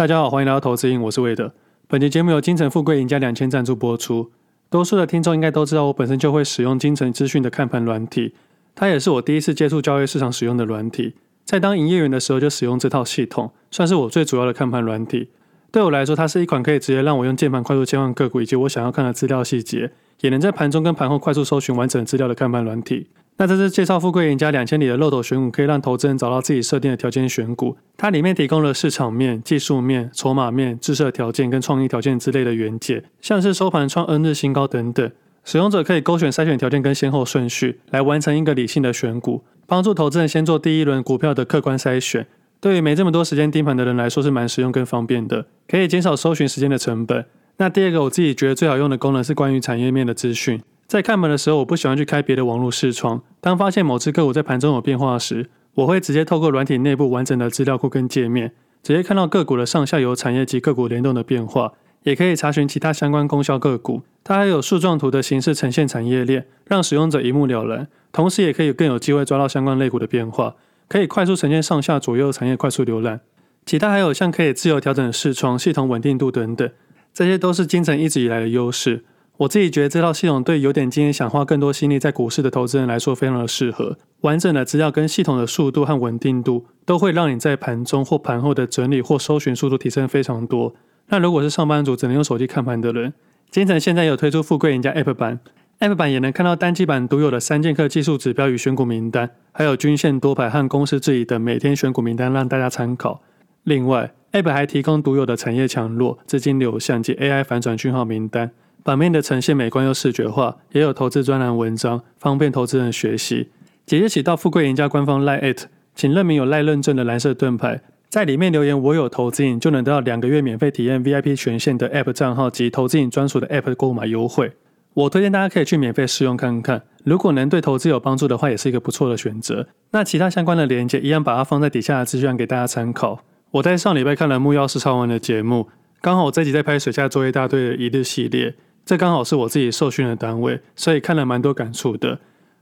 大家好，歡迎來到投資癮，我是魏德。本集節目由精誠富貴贏家兩千贊助播出。多數的聽眾應該都知道，我本身就會使用精誠資訊的看盤軟體，它也是我第一次接觸交易市場使用的軟體。在當營業員的時候就使用這套系統，算是我最主要的看盤軟體。對我來說，它是一款可以直接讓我用鍵盤快速切換個股以及我想要看的資料細節，也能在盤中跟盤後快速搜尋完整資料的看盤軟體。那這是介紹富貴贏家2000裡的漏斗選股，可以讓投資人找到自己設定的條件選股。它裡面提供了市場面、技術面、籌碼面、自設條件跟創意條件之類的元件，像是收盤創 N 日新高等等。使用者可以勾選篩選條件跟先後順序，來完成一個理性的選股，幫助投資人先做第一輪股票的客觀篩選。對於沒這麼多時間盯盤的人來說是蠻實用跟方便的，可以減少搜尋時間的成本。那第二個我自己覺得最好用的功能是關於產業面的資訊。在看盤的時候，我不喜歡去開別的網絡視窗。當發現某隻個股在盤中有變化時，我會直接透過軟體內部完整的資料庫跟界面，直接看到個股的上下游產業及個股聯動的變化，也可以查詢其他相關功效個股。它還有樹狀圖的形式呈現產業鏈，讓使用者一目了然，同時也可以更有機會抓到相關類股的變化，可以快速呈現上下左右產業快速瀏覽。其他還有像可以自由調整視窗、系統穩定度等等，這些都是精誠一直以來的優勢。我自己覺得這套系統對有點經驗、想花更多心力在股市的投資人來說，非常的適合。完整的資料跟系統的速度和穩定度，都會讓你在盤中或盤後的整理或搜尋速度提升非常多。那如果是上班族只能用手機看盤的人，精誠現在有推出富貴贏家 APP 版，App 版，App 版也能看到單機版獨有的三劍客技術指標與選股名單，還有均線多排和公司治理的每天選股名單讓大家參考。另外，App 還提供獨有的產業強弱、資金流向及 AI 反轉訊號名單。版面的呈現美觀又視覺化，也有投資專欄文章，方便投資人學習。即日起到富貴贏家官方 line 艾特，請認明有 line 認證的藍色盾牌，在裡面留言“我有投資癮”，就能得到兩個月免費體驗 VIP 權限的 App 賬號及投資癮專屬的 App 購買優惠。我推薦大家可以去免費試用看看，如果能對投資有幫助的話，也是一個不錯的選擇。那其他相關的連結一樣，把它放在底下的資源給大家參考。我在上禮拜看了木曜4超玩的節目，剛好我這集在拍水下作業大隊的一日系列。這剛好是我自己受訓的單位，所以看了蠻多感觸的。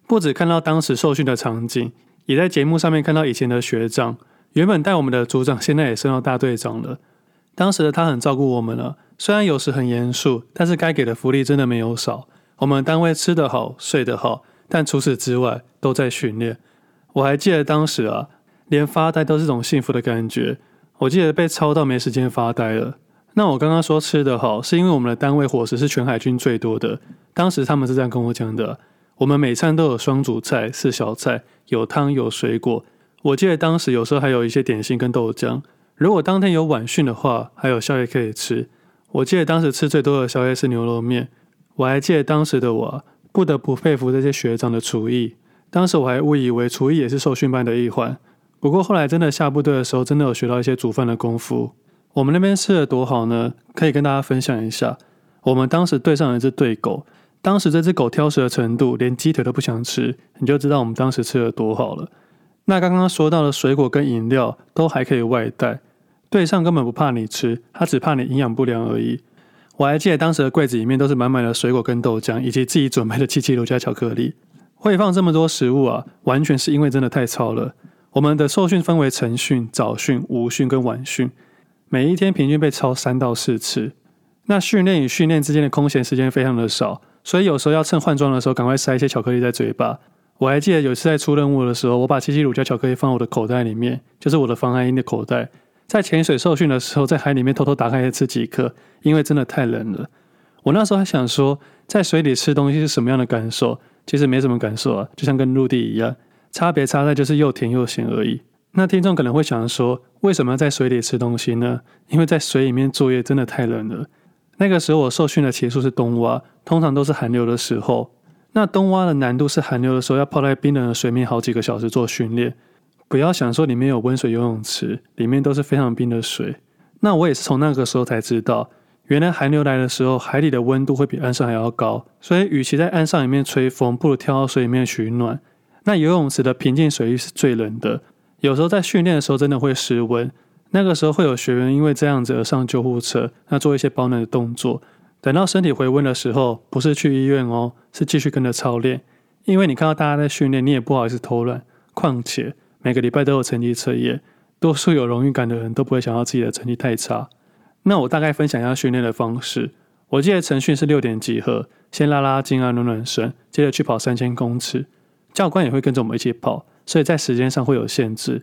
不只看到當時受訓的場景，也在節目上面看到以前的學長。原本帶我們的組長現在也升到大隊長了。當時的他很照顧我們了，啊，雖然有時很嚴肅，但是該給的福利真的沒有少。我們單位吃得好，睡得好，但除此之外都在訓練。我還記得當時啊，連發呆都是種幸福的感覺。我記得被操到沒時間發呆了。那我剛剛說吃的好，是因為我們的單位伙食是全海軍最多的。當時他們是這樣跟我講的：我們每餐都有雙主菜、四小菜，有湯、有水果。我記得當時有時候還有一些點心跟豆漿。如果當天有晚訓的話，還有宵夜可以吃。我記得當時吃最多的宵夜是牛肉麵。我還記得當時的我啊，不得不佩服這些學長的廚藝。當時我還誤以為廚藝也是受訓班的一環，不過後來真的下部隊的時候，真的有學到一些煮飯的功夫。我們那邊吃的多好呢？可以跟大家分享一下。我們當時隊上的一隻隊狗，當時這只狗挑食的程度，連雞腿都不想吃，你就知道我們當時吃的多好了。那剛剛說到的水果跟飲料都還可以外帶，隊上根本不怕你吃，他只怕你營養不良而已。我還記得當時的櫃子裡面都是滿滿的水果跟豆漿，以及自己準備的七七乳加巧克力。會放這麼多食物啊，完全是因為真的太操了。我們的受訓分為晨訓、早訓、午訓跟晚訓。每一天平均被操三到四次，那訓練與訓練之間的空閒時間非常的少，所以有時候要趁換裝的時候趕快塞一些巧克力在嘴巴。我還記得有一次在出任務的時候，我把七七乳加巧克力放在我的口袋裡面，就是我的防寒衣的口袋。在潛水受訓的時候，在海裡面偷偷打開來吃幾顆，因為真的太冷了。我那時候還想說，在水裡吃東西是什麼樣的感受，其實沒什麼感受啊，就像跟陸地一樣，差別差在就是又甜又鹹而已。那聽眾可能會想說：“為什麼要在水裡吃東西呢？”因為在水裡面作業真的太冷了。那個時候我受訓的期數是冬蛙，通常都是寒流的時候。那冬蛙的難度是寒流的時候要泡在冰冷的水面好幾個小時做訓練。不要想說裡面有溫水游泳池，裡面都是非常冰的水。那我也是從那個時候才知道，原來寒流來的時候，海裡的溫度會比岸上還要高。所以，與其在岸上裡面吹風，不如跳到水裡面取暖。那游泳池的平靜水域是最冷的。有時候在訓練的時候真的會失溫，那個時候會有學員因為這樣子而上救護車。那做一些保暖的動作，等到身體回溫的時候，不是去醫院哦，是繼續跟着操練。因為你看到大家在訓練，你也不好意思偷懶。況且每個禮拜都有成績測驗，多數有榮譽感的人都不會想到自己的成績太差。那我大概分享一下訓練的方式。我記得晨訓是六點集合，先拉拉筋啊、暖暖身，接着去跑三千公尺。教官也會跟着我們一起跑。所以在時間上會有限制，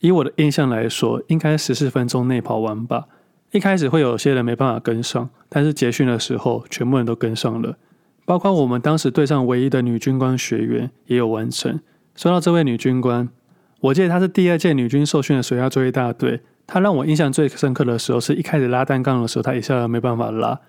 以我的印象來說，應該十四分鐘內跑完吧。一開始會有些人沒辦法跟上，但是結訓的時候，全部人都跟上了，包括我們當時隊上唯一的女軍官學員也有完成。說到這位女軍官，我記得她是第二屆女軍受訓的水下作業大隊。她讓我印象最深刻的時候，是一開始拉單槓的時候，她一下都沒辦法拉。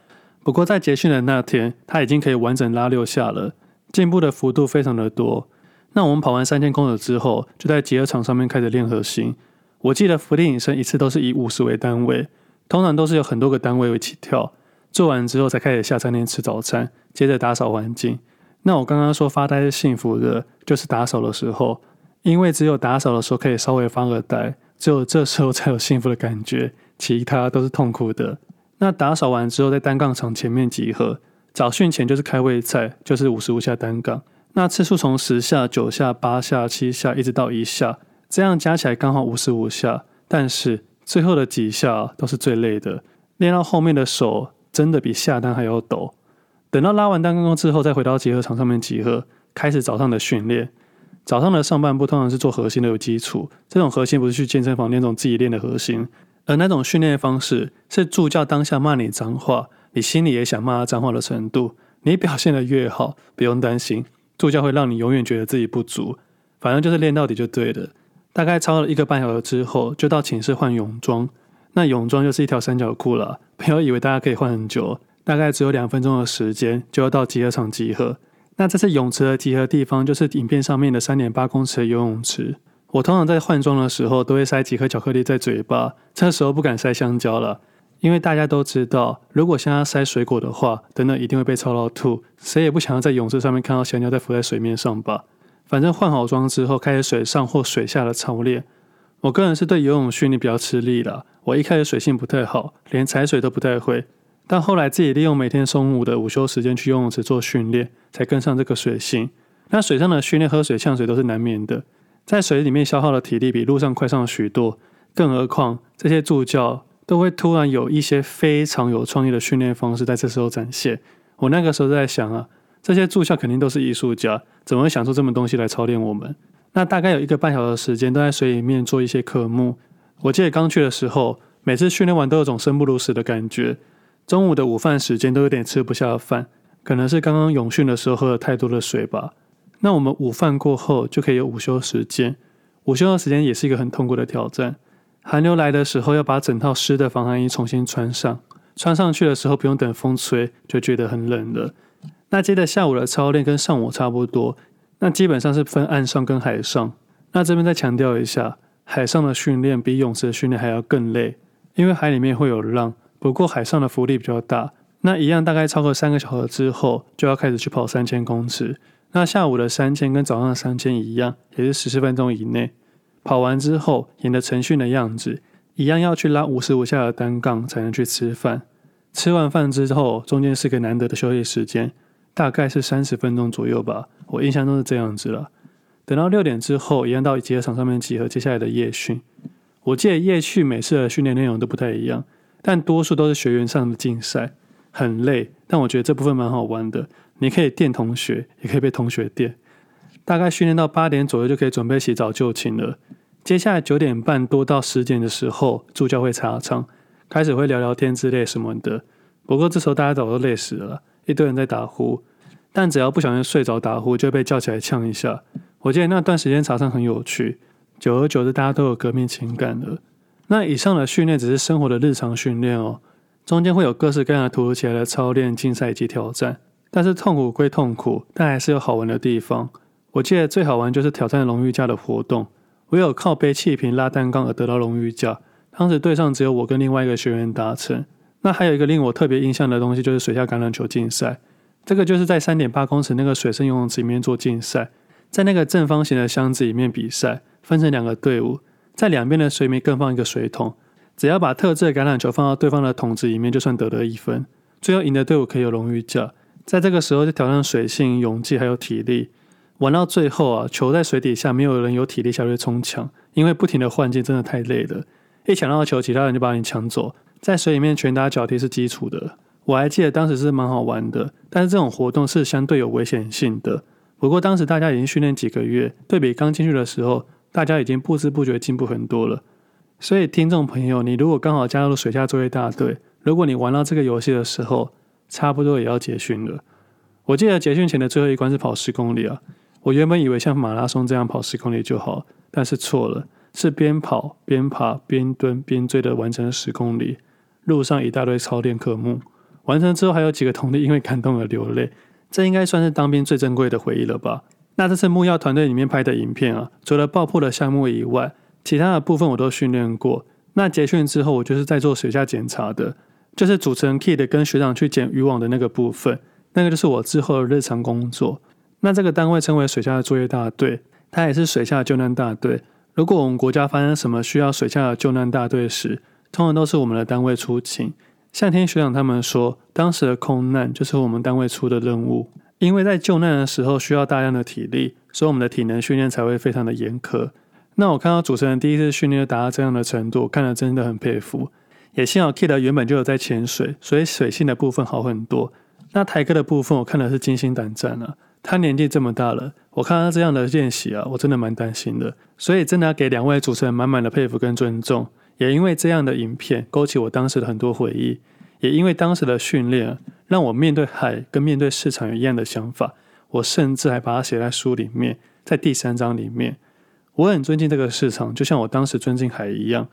不過在結訓的那天，她已經可以完整拉六下了，進步的幅度非常的多。那我們跑完三千公尺之後，就在集合場上面開始練核心。我記得伏地挺身一次都是以五十為單位，通常都是有很多個單位一起跳。做完之後才開始下餐廳吃早餐，接着打掃環境。那我剛剛說發呆是幸福的，就是打掃的時候，因為只有打掃的時候可以稍微發個呆，只有這時候才有幸福的感覺，其他都是痛苦的。那打掃完之後，在單槓場前面集合，早訓前就是開胃菜，就是五十五下單槓。那次數從十下、九下、八下、七下，一直到一下，這樣加起來剛好五十五下。但是最後的幾下都是最累的，練到後面的手真的比下單還要抖。等到拉完單槓之後，再回到集合場上面集合，開始早上的訓練。早上的上半部通常是做核心的有基礎，這種核心不是去健身房練那種自己練的核心，而那種訓練方式是助教當下罵你髒話，你心裡也想罵髒話的程度。你表現得越好，不用擔心。助教會讓你永遠覺得自己不足，反正就是練到底就對了。大概操了一個半小時之後，就到寢室換泳裝，那泳裝就是一條三角褲了。不要以為大家可以換很久，大概只有兩分鐘的時間就要到集合場集合。那這次泳池的集合的地方就是影片上面的三點八公尺的游泳池。我通常在換裝的時候都會塞幾顆巧克力在嘴巴，這個時候不敢塞香蕉了。因為大家都知道，如果想要塞水果的話，等等一定會被操到吐。誰也不想要在泳池上面看到香蕉在浮在水面上吧。反正換好裝之後，開始水上或水下的操練。我個人是對游泳訓練比較吃力的。我一開始水性不太好，連踩水都不太會。但後來自己利用每天中午的午休時間去游泳池做訓練，才跟上這個水性。那水上的訓練，喝水嗆水都是難免的。在水裡面消耗的體力比陸上快上許多。更何況這些助教。都會突然有一些非常有創意的訓練方式在這時候展現。我那個時候在想啊，這些助教肯定都是藝術家，怎麼會想出這麼東西來操練我們？那大概有一個半小時的時間都在水裡面做一些科目。我記得剛去的時候，每次訓練完都有種生不如死的感覺，中午的午飯時間都有點吃不下飯，可能是剛剛泳訓的時候喝了太多的水吧。那我們午飯過後就可以有午休時間，午休的時間也是一個很痛苦的挑戰。寒流來的時候，要把整套濕的防寒衣重新穿上。穿上去的時候，不用等風吹，就覺得很冷了。那接着下午的操練跟上午差不多。那基本上是分岸上跟海上。那這邊再強調一下，海上的訓練比泳池的訓練還要更累，因為海裡面會有浪。不過海上的浮力比較大。那一樣，大概超過三個小時之後，就要開始去跑三千公尺。那下午的三千跟早上的三千一樣，也是十四分鐘以內。跑完之後，演的晨訓的樣子，一樣要去拉五十五下的單槓才能去吃飯。吃完飯之後，中間是個難得的休息時間，大概是三十分鐘左右吧，我印象中是這樣子了。等到六點之後，一樣到一集合場上面集合，接下來的夜訓。我記得夜訓每次的訓練內容都不太一樣，但多數都是學員上的競賽，很累，但我覺得這部分蠻好玩的。你可以電同學，也可以被同學電。大概訓練到八點左右就可以準備洗澡就寢了。接下來九點半多到十點的時候，助教會查唱，開始會聊聊天之類什麼的。不過這時候大家早都累死了，一堆人在打呼。但只要不小心睡着打呼，就被叫起來嗆一下。我記得那段時間查唱很有趣，久而久之大家都有革命情感了。那以上的訓練只是生活的日常訓練哦，中間會有各式各樣的突如其來的操練、競賽以及挑戰。但是痛苦歸痛苦，但還是有好玩的地方。我記得最好玩就是挑戰榮譽假的活動。唯有靠背氣瓶拉單槓而得到榮譽獎。當時隊上只有我跟另外一個學員達成。那還有一個令我特別印象的東西，就是水下橄欖球競賽。這個就是在三點八公尺那個水深游泳池裡面做競賽，在那個正方形的箱子裡面比賽，分成兩個隊伍，在兩邊的水面各放一個水桶，只要把特製的橄欖球放到對方的桶子裡面，就算得了一分。最後贏的隊伍可以有榮譽獎。在這個時候就挑戰水性、勇氣還有體力。玩到最後啊，球在水底下，沒有人有體力下去衝搶，因為不停的換進真的太累了。一搶到球，其他人就把你搶走。在水裡面拳打腳踢是基礎的。我還記得當時是蠻好玩的，但是這種活動是相對有危險性的。不過當時大家已經訓練幾個月，對比剛進去的時候，大家已經不知不覺進步很多了。所以聽眾朋友，你如果剛好加入了水下作業大隊，如果你玩到這個遊戲的時候，差不多也要結訓了。我記得結訓前的最後一關是跑十公里啊。我原本以為像馬拉松這樣跑十公里就好，但是錯了，是邊跑邊爬邊蹲邊追的完成十公里。路上一大堆操練科目，完成之後還有幾個同梯因為感動而流淚，這應該算是當兵最珍貴的回憶了吧？那這是木曜團隊裡面拍的影片啊，除了爆破的項目以外，其他的部分我都訓練過。那結訓之後，我就是在做水下檢查的，就是主持人 Kid 跟學長去撿漁網的那個部分，那個就是我之後的日常工作。那這個單位稱為水下的作業大隊，它也是水下的救難大隊。如果我們國家發生什麼需要水下的救難大隊時，通常都是我們的單位出勤。像聽學長他們說，當時的空難就是我們單位出的任務，因為在救難的時候需要大量的體力，所以我們的體能訓練才會非常的嚴苛。那我看到主持人第一次訓練就達到這樣的程度，看得真的很佩服。也幸好 Kid 原本就有在潛水，所以水性的部分好很多。那台哥的部分，我看的是驚心膽戰了，啊。他年紀這麼大了，我看他這樣的練習啊，我真的蠻擔心的。所以真的要給兩位主持人滿滿的佩服跟尊重，也因為這樣的影片勾起我當時的很多回憶，也因為當時的訓練啊，讓我面對海跟面對市場有一樣的想法。我甚至還把它寫在書裡面，在第三章裡面。我很尊敬這個市場，就像我當時尊敬海一樣。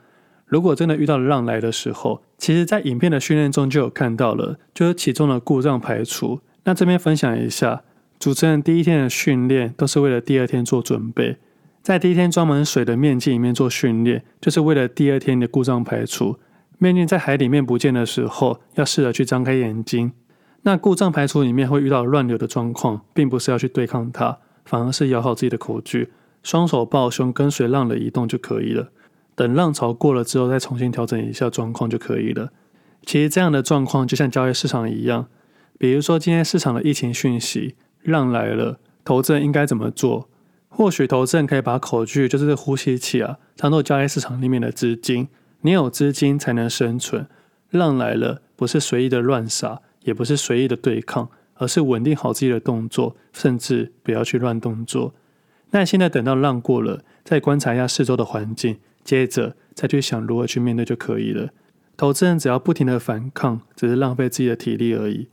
如果真的遇到浪來的時候，其實在影片的訓練中就有看到了，就是其中的故障排除。那這邊分享一下。主持人第一天的訓練都是為了第二天做準備，在第一天裝滿水的面鏡裡面做訓練，就是為了第二天的故障排除。面鏡在海裡面不見的時候，要試着去張開眼睛。那故障排除裡面會遇到亂流的狀況，並不是要去對抗它，反而是咬好自己的口具，雙手抱胸，跟隨浪的移動就可以了。等浪潮過了之後，再重新調整一下狀況就可以了。其實這樣的狀況就像交易市場一樣，比如說今天市場的疫情訊息。浪來了，投資人應該怎麼做？或許投資人可以把口具，就是這呼吸器啊，當做交易市場裡面的資金。你有資金才能生存。浪來了，不是隨意的亂殺，也不是隨意的對抗，而是穩定好自己的動作，甚至不要去亂動作，耐心的等到浪過了，再觀察一下四周的環境，接着再去想如何去面對就可以了。投資人只要不停的反抗，只是浪費自己的體力而已。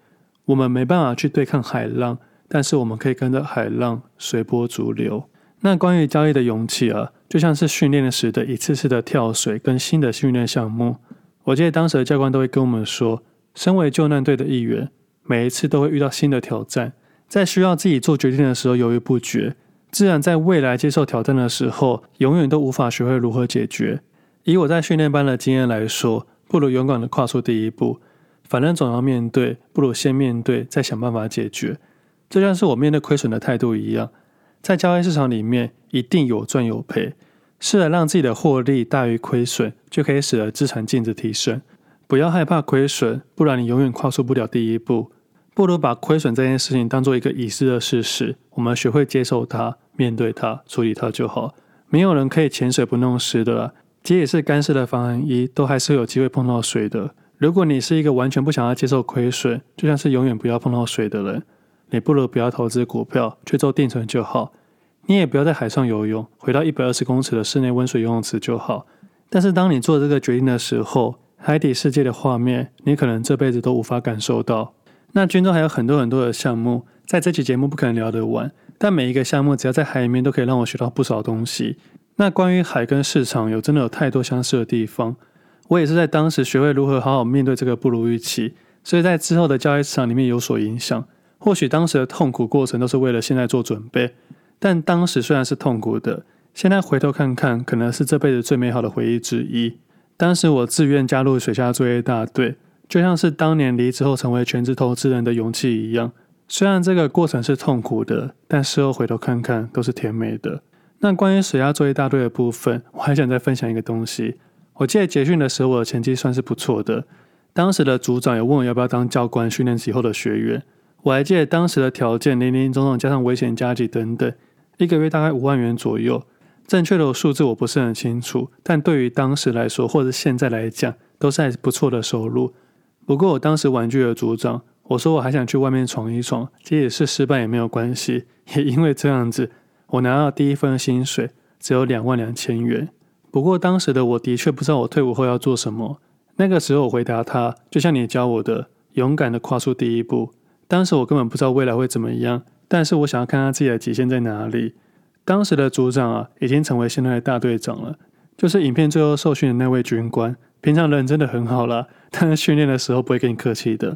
我們沒辦法去對抗海浪。但是我們可以跟着海浪隨波逐流。那關於交易的勇氣啊，就像是訓練時的一次次的跳水跟新的訓練項目。我記得當時的教官都會跟我們說，身為救難隊的一員，每一次都會遇到新的挑戰，在需要自己做決定的時候猶豫不決，自然在未來接受挑戰的時候，永遠都無法學會如何解決。以我在訓練班的經驗來說，不如勇敢的跨出第一步，反正總要面對，不如先面對，再想辦法解決。就像是我面對虧損的態度一樣，在交易市場裡面一定有賺有賠，試着讓自己的獲利大於虧損，就可以使得資產淨值提升。不要害怕虧損，不然你永遠跨出不了第一步。不如把虧損這件事情當做一個已知的事實，我們學會接受它、面對它、處理它就好。沒有人可以潛水不弄濕的啦，即使是乾式的防寒衣，都還是有機會碰到水的。如果你是一個完全不想要接受虧損，就像是永遠不要碰到水的人，你不如不要投資股票，去做定存就好。你也不要在海上游泳，回到一百二十公尺的室內溫水游泳池就好。但是當你做這個決定的時候，海底世界的畫面，你可能這輩子都無法感受到。那軍中還有很多很多的項目，在這期節目不可能聊得完。但每一個項目，只要在海裡面，都可以讓我學到不少東西。那關於海跟市場，有真的有太多相似的地方。我也是在當時學會如何好好面對這個不如預期，所以在之後的交易市場裡面有所影響。或許當時的痛苦過程都是為了現在做準備，但當時雖然是痛苦的，現在回頭看看，可能是這輩子最美好的回憶之一。當時我自願加入水下作業大隊，就像是當年離職後成為全職投資人的勇氣一樣。雖然這個過程是痛苦的，但事後回頭看看都是甜美的。那關於水下作業大隊的部分，我還想再分享一個東西。我記得結訓的時候，我的成績算是不錯的。當時的組長也問我要不要當教官，訓練以後的學員。我還記得當時的條件，林林總總加上危險、加急等等，一個月大概五萬元左右。正確的數字我不是很清楚，但對於當時來說，或者現在來講，都是還不錯的收入。不過我當時婉拒了組長，我說我還想去外面闖一闖，即使是失敗也沒有關係。也因為這樣子，我拿到第一份薪水只有兩萬兩千元。不過當時的我的確不知道我退伍後要做什麼。那個時候我回答他，就像你教我的，勇敢的跨出第一步。當時我根本不知道未來會怎麼樣，但是我想要看看自己的極限在哪裡。當時的組長啊，已經成為現在的大隊長了，就是影片最後受訓的那位軍官。平常人真的很好啦，但是訓練的時候不會跟你客氣的。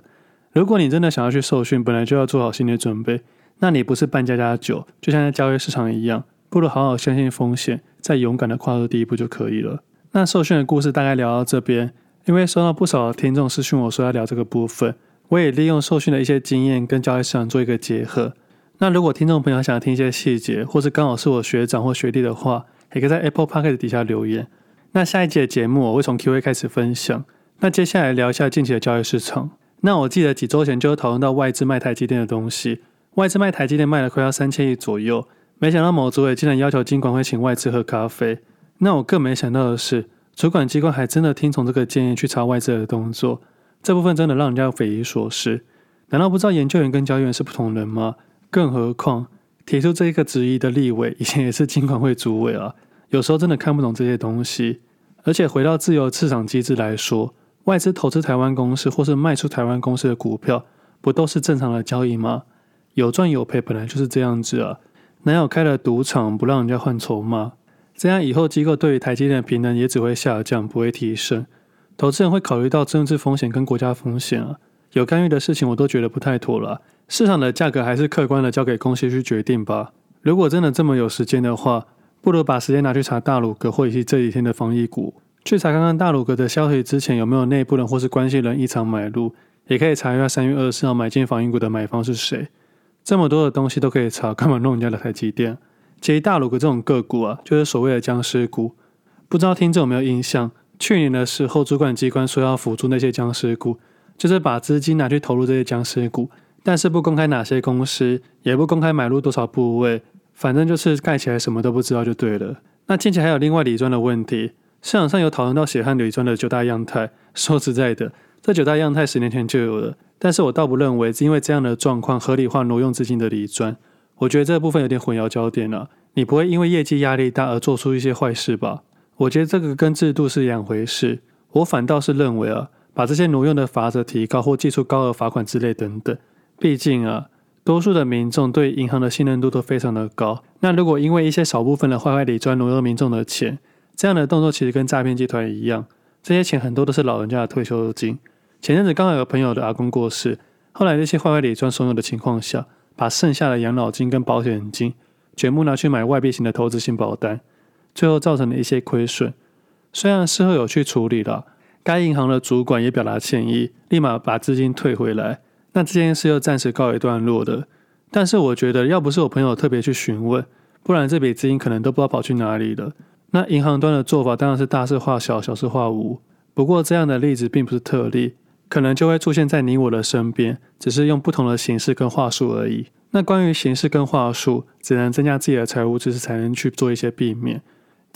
如果你真的想要去受訓，本來就要做好心理準備。那你不是扮家家酒，就像在交易市場一樣，不如好好相信風險，再勇敢的跨出第一步就可以了。那受訓的故事大概聊到這邊，因為收到不少聽眾私訊我說要聊這個部分。我也利用受訓的一些經驗跟交易市場做一個結合。那如果聽眾朋友想要聽一些細節，或是剛好是我學長或學弟的話，也可以在 Apple Podcast 底下留言。那下一節的節目我會從 Q&A 開始分享。那接下來聊一下近期的交易市場。那我記得幾周前就討論到外資賣台積電的東西，外資賣台積電賣了快要三千億左右。沒想到某主委竟然要求金管會請外資喝咖啡。那我更沒想到的是，主管機關還真的聽從這個建議去查外資的動作。這部分真的讓人家匪夷所思，難道不知道研究員跟交易員是不同人嗎？更何況提出這一個質疑的立委以前也是金管會主委啊，有時候真的看不懂這些東西。而且回到自由市場機制來說，外資投資台灣公司或是賣出台灣公司的股票，不都是正常的交易嗎？有賺有賠，本來就是這樣子啊。哪有開了賭場不讓人家換籌碼？這樣以後機構對於台積電的評論也只會下降，不會提升。投資人會考慮到政治風險跟國家風險啊，有干預的事情我都覺得不太妥了。市場的價格還是客觀的交給公司去決定吧。如果真的這麼有時間的話，不如把時間拿去查大魯閣或是這幾天的防疫股，去查看看大魯閣的消息之前有沒有內部人或是關係人異常買入，也可以查一下三月二十四號買進防疫股的買方是誰。這麼多的東西都可以查，幹嘛弄人家的台積電？其實大魯閣這種個股啊，就是所謂的僵屍股，不知道聽眾有沒有印象？去年的時候，主管機關說要輔助那些殭屍股，就是把資金拿去投入這些殭屍股，但是不公開哪些公司，也不公開買入多少部位，反正就是蓋起來什麼都不知道就對了。那近期還有另外理專的問題，市場上有討論到血汗理專的九大樣態。說實在的，這九大樣態十年前就有了，但是我倒不認為是因為這樣的狀況合理化挪用資金的理專。我覺得這部分有點混淆焦點了，啊。你不會因為業績壓力大而做出一些壞事吧？我覺得這個跟制度是兩回事，我反倒是認為啊，把這些挪用的罰則提高，或祭出高額罰款之類等等。畢竟啊，多數的民眾對銀行的信任度都非常的高。那如果因為一些少部分的壞壞理專挪用民眾的錢，這樣的動作其實跟詐騙集團一樣。這些錢很多都是老人家的退休金。前陣子剛好有朋友的阿公過世，後來這些壞壞理專慫恿的情況下，把剩下的養老金跟保險金全部拿去買外幣型的投資型保單。最後造成了一些虧損，雖然事後有去處理了，該銀行的主管也表達歉意，立馬把資金退回來，那這件事又暫時告一段落的。但是我覺得，要不是我朋友特別去詢問，不然這筆資金可能都不知道跑去哪裡了。那銀行端的做法當然是大事化小，小事化無。不過這樣的例子並不是特例，可能就會出現在你我的身邊，只是用不同的形式跟話術而已。那關於形式跟話術，只能增加自己的財務知識，才能去做一些避免。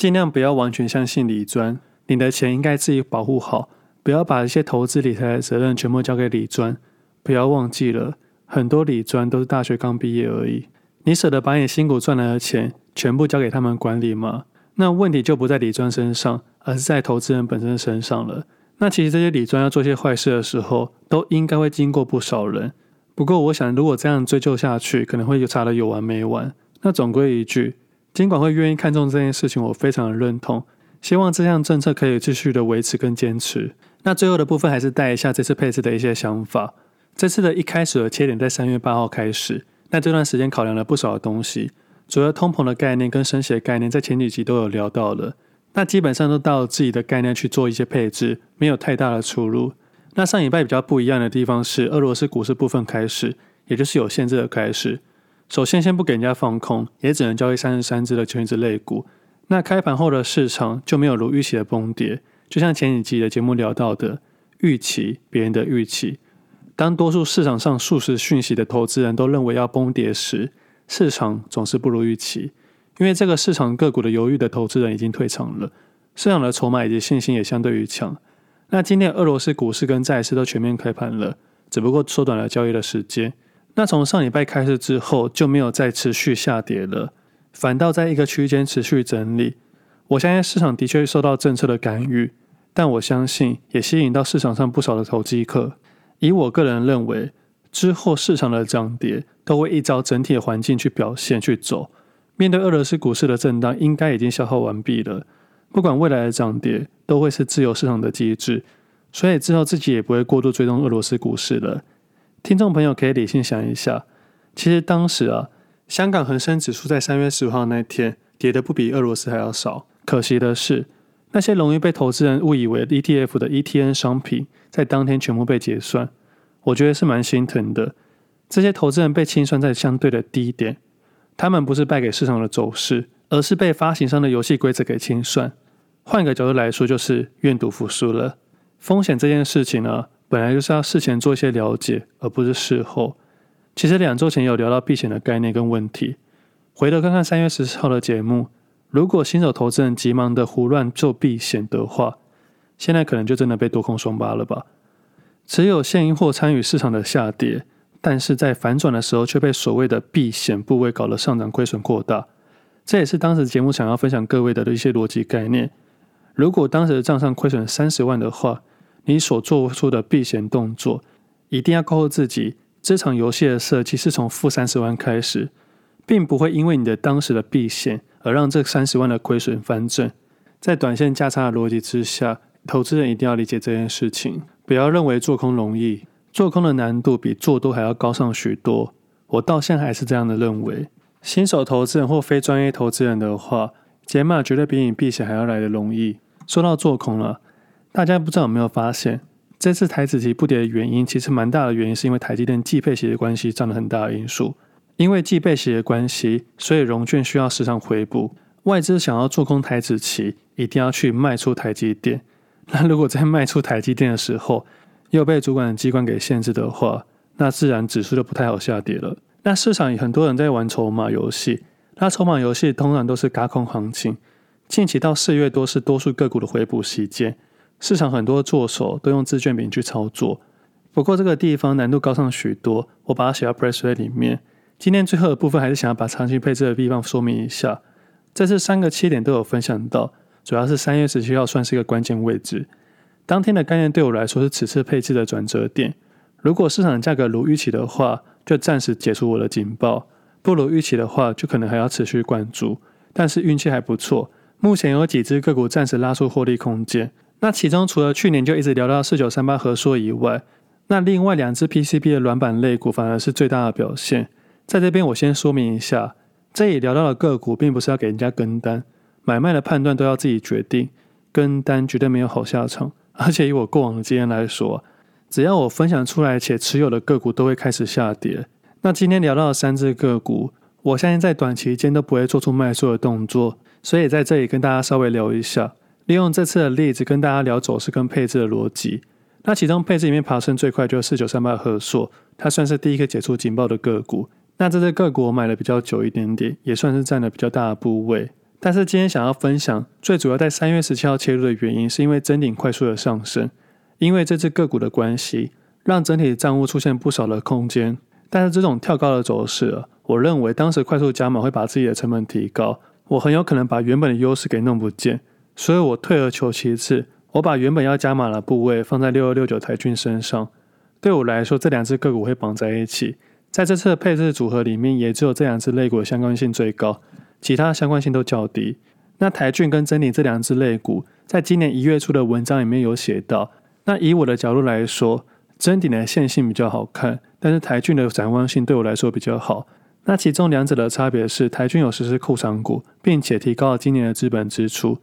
盡量不要完全相信理專，你的錢應該自己保護好，不要把一些投資理財的責任全部交給理專。不要忘記了，很多理專都是大學剛畢業而已。你捨得把你辛苦賺來的錢全部交給他們管理嗎？那問題就不在理專身上，而是在投資人本身身上了。那其實這些理專要做些壞事的時候，都應該會經過不少人。不過，我想如果這樣追究下去，可能會有查得有完沒完。那總歸一句。儘管會願意看中這件事情，我非常的認同。希望這項政策可以繼續的維持跟堅持。那最後的部分還是帶一下這次配置的一些想法。這次的一開始的切點在三月八號開始，那這段時間考量了不少的東西。主要通膨、的概念跟升息的概念，在前幾集都有聊到了。那基本上都到自己的概念去做一些配置，沒有太大的出入。那上禮拜比較不一樣的地方是俄羅斯股市部分開始，也就是有限制的開始。首先，先不給人家放空，也只能交易三十三隻的權值類股。那開盤後的市場就沒有如預期的崩跌，就像前幾集的節目聊到的，預期別人的預期。當多數市場上數十訊息的投資人都認為要崩跌時，市場總是不如預期，因為這個市場個股的猶豫的投資人已經退場了，市場的籌碼以及信心也相對於強。那今天的俄羅斯股市跟債市都全面開盤了，只不過縮短了交易的時間。那從上禮拜開始之後就沒有再持續下跌了，反倒在一個區間持續整理。我相信市場的確受到政策的干預，但我相信也吸引到市場上不少的投機客。以我個人認為，之後市場的漲跌都會依照整體的環境去表現去走。面對俄羅斯股市的震盪，應該已經消耗完畢了。不管未來的漲跌，都會是自由市場的機制。所以之後自己也不會過度追蹤俄羅斯股市了。聽眾朋友可以理性想一下，其實當時啊，香港恆生指數在三月十五號那天跌得不比俄羅斯還要少。可惜的是，那些容易被投資人誤以為 ETF 的 ETN 商品，在當天全部被結算。我覺得是蠻心疼的。這些投資人被清算在相對的低點，他們不是敗給市場的走勢，而是被發行商的遊戲規則給清算。換一個角度來說，就是願賭服輸了。風險這件事情呢、啊？本來就是要事前做一些了解，而不是事後。其實兩周前有聊到避險的概念跟問題，回頭看看三月十四號的節目，如果新手投資人急忙的胡亂做避險的話，現在可能就真的被多空雙殺了吧？只有現貨或參與市場的下跌，但是在反轉的時候卻被所謂的避險部位搞得上漲虧損擴大。這也是當時節目想要分享各位的一些邏輯概念。如果當時的賬上虧損三十萬的話，你所做出的避險動作，一定要告訴自己，這場遊戲的設計是從負三十萬開始，並不會因為你的當時的避險而讓這三十萬的虧損翻正。在短線價差的邏輯之下，投資人一定要理解這件事情，不要認為做空容易，做空的難度比做多還要高上許多。我到現在還是這樣的認為，新手投資人或非專業投資人的話，減碼絕對比你避險還要來得容易。說到做空了、啊。大家不知道有沒有發現，這次台指期不跌的原因，其實蠻大的原因是因為台積電季配息的關係占了很大的因素。因為季配息的關係，所以融券需要時常回補。外資想要做空台指期，一定要去賣出台積電。那如果在賣出台積電的時候，又被主管的機關給限制的話，那自然指數就不太好下跌了。那市場很多人在玩籌碼遊戲，那籌碼遊戲通常都是軋空行情。近期到四月多是多數個股的回補時間。市場很多作手都用自捲餅去操作，不過這個地方難度高上許多。我把它寫到 PressPlay 裡面。今天最後的部分還是想要把長期配置的地方說明一下，在這次三個切點都有分享到，主要是三月十七號算是一個關鍵位置。當天的概念對我來說是此次配置的轉折點。如果市場價格如預期的話，就暫時解除我的警報；不如預期的話，就可能還要持續關注。但是運氣還不錯，目前有幾隻個股暫時拉出獲利空間。那其中除了去年就一直聊到四九三八和碩以外，那另外兩隻 PCB 的軟板類股反而是最大的表現。在這邊我先說明一下，這裡聊到的個股並不是要給人家跟單，買賣的判斷都要自己決定，跟單絕對沒有好下場。而且以我過往的經驗來說，只要我分享出來且持有的個股都會開始下跌。那今天聊到的三隻個股，我相信在短期間都不會做出賣出的動作，所以在這裡跟大家稍微聊一下。利用這次的例子跟大家聊走勢跟配置的邏輯。那其中配置裡面爬升最快就是四九三八和碩，它算是第一個解除警報的個股。那這隻個股我買了比較久一點點，也算是佔了比較大的部位。但是今天想要分享最主要在三月十七號切入的原因，是因為真頂快速的上升，因為這隻個股的關係，讓整體的賬戶出現不少的空間。但是這種跳高的走勢啊，我認為當時快速加碼會把自己的成本提高，我很有可能把原本的優勢給弄不見。所以我退而求其次，我把原本要加碼的部位放在六二六九台郡身上。對我來說，這兩隻個股會綁在一起，在這次的配置組合裡面，也只有這兩隻類股的相關性最高，其他相關性都較低。那台郡跟臻鼎這兩隻類股，在今年一月初的文章裡面有寫到。那以我的角度來說，臻鼎的線性比較好看，但是台郡的展望性對我來說比較好。那其中兩者的差別是，台郡有實施庫藏股，並且提高了今年的資本支出。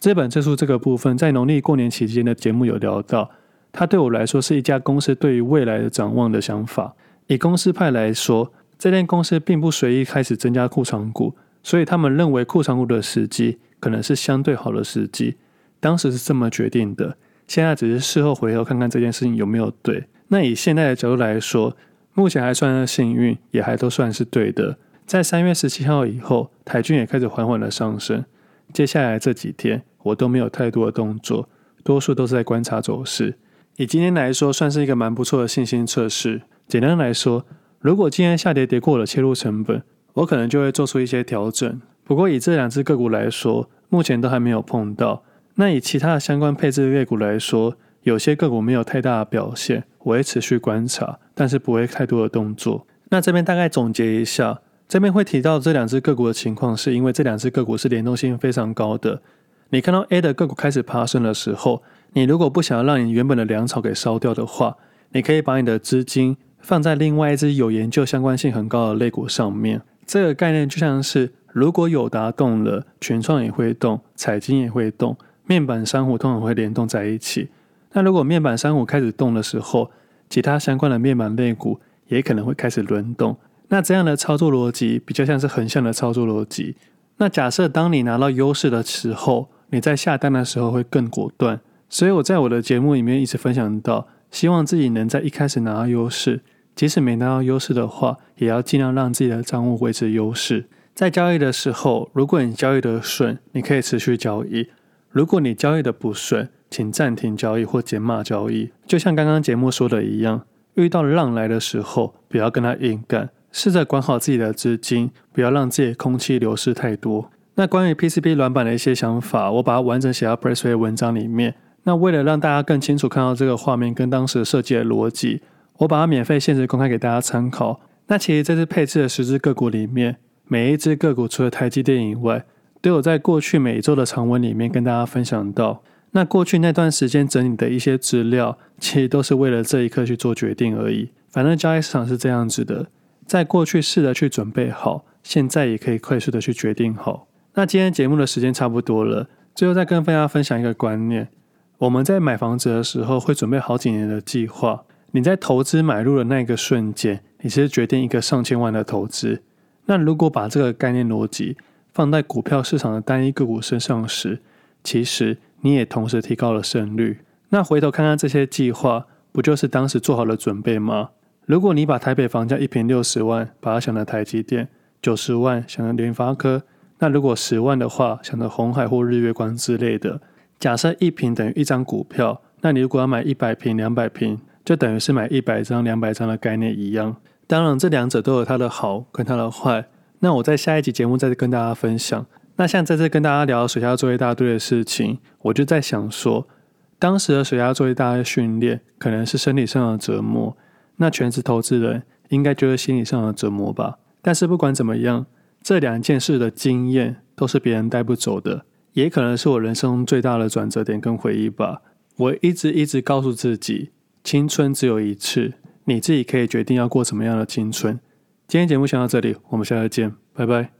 資本指數這個部分，在農曆過年期間的節目有聊到，它對我來說是一家公司對於未來的展望的想法。以公司派來說，這間公司並不隨意開始增加庫藏股，所以他們認為庫藏股的時機可能是相對好的時機。當時是這麼決定的，現在只是事後回頭看看這件事情有沒有對。那以現在的角度來說，目前還算是幸運，也還都算是對的。在三月十七號以後，台軍也開始緩緩的上升，接下來這幾天。我都沒有太多的動作，多數都是在觀察走勢。以今天來說，算是一個蠻不錯的信心測試。簡單來說，如果今天下跌跌破了切入成本，我可能就會做出一些調整。不過以這兩隻個股來說，目前都還沒有碰到。那以其他的相關配置的個股來說，有些個股沒有太大的表現，我會持續觀察，但是不會太多的動作。那這邊大概總結一下，這邊會提到這兩隻個股的情況，是因為這兩隻個股是聯動性非常高的。你看到 A 的個股開始爬升的時候，你如果不想要讓你原本的糧草給燒掉的話，你可以把你的資金放在另外一支有研究相關性很高的類股上面。這個概念就像是，如果友達動了，群創也會動，彩晶也會動，面板、三雄通常會聯動在一起。那如果面板、三雄開始動的時候，其他相關的面板類股也可能會開始輪動。那這樣的操作邏輯比較像是橫向的操作邏輯。那假設當你拿到優勢的時候，你在下單的時候會更果斷，所以我在我的節目裡面一直分享到，希望自己能在一開始拿到優勢，即使沒拿到優勢的話，也要盡量讓自己的賬戶維持優勢。在交易的時候，如果你交易的順，你可以持續交易；如果你交易的不順，請暫停交易或減碼交易。就像剛剛節目說的一樣，遇到浪來的時候，不要跟他硬幹，試着管好自己的資金，不要讓自己的空氣流失太多。那關於 PCB 軟板的一些想法，我把它完整寫到 Pressway 的文章裡面。那為了讓大家更清楚看到這個畫面跟當時設計的邏輯，我把它免費限時公開給大家參考。那其實這次配置的十隻個股裡面，每一隻個股除了台積電以外，都有在過去每一周的長文裡面跟大家分享到。那過去那段時間整理的一些資料，其實都是為了這一刻去做決定而已。反正交易市場是這樣子的，在過去試着去準備好，現在也可以快速的去決定好。那今天節目的時間差不多了，最後再跟大家分享一個觀念：我們在買房子的時候會準備好幾年的計劃。你在投資買入的那個瞬間，你是決定一個上千萬的投資。那如果把這個概念邏輯放在股票市場的單一個股身上時，其實你也同時提高了勝率。那回頭看看這些計劃，不就是當時做好的準備嗎？如果你把台北房價一平六十萬，把它想成台積電九十萬，想成聯發科。那如果十萬的話，想着紅海或日月光之類的，假設一瓶等於一張股票，那你如果要買一百瓶、兩百瓶，就等於是買一百張、兩百張的概念一樣。當然，這兩者都有它的好跟它的壞。那我在下一集節目再次跟大家分享。那像這次跟大家聊聊水下作業大隊的事情，我就在想說，當時的水下作業大隊訓練可能是身體上的折磨，那全職投資人應該就是心理上的折磨吧。但是不管怎麼樣。這兩件事的經驗都是別人帶不走的，也可能是我人生最大的轉折點跟回憶吧。我一直一直告訴自己，青春只有一次，你自己可以決定要過什麼樣的青春。今天節目先到這裡，我們下次見，拜拜。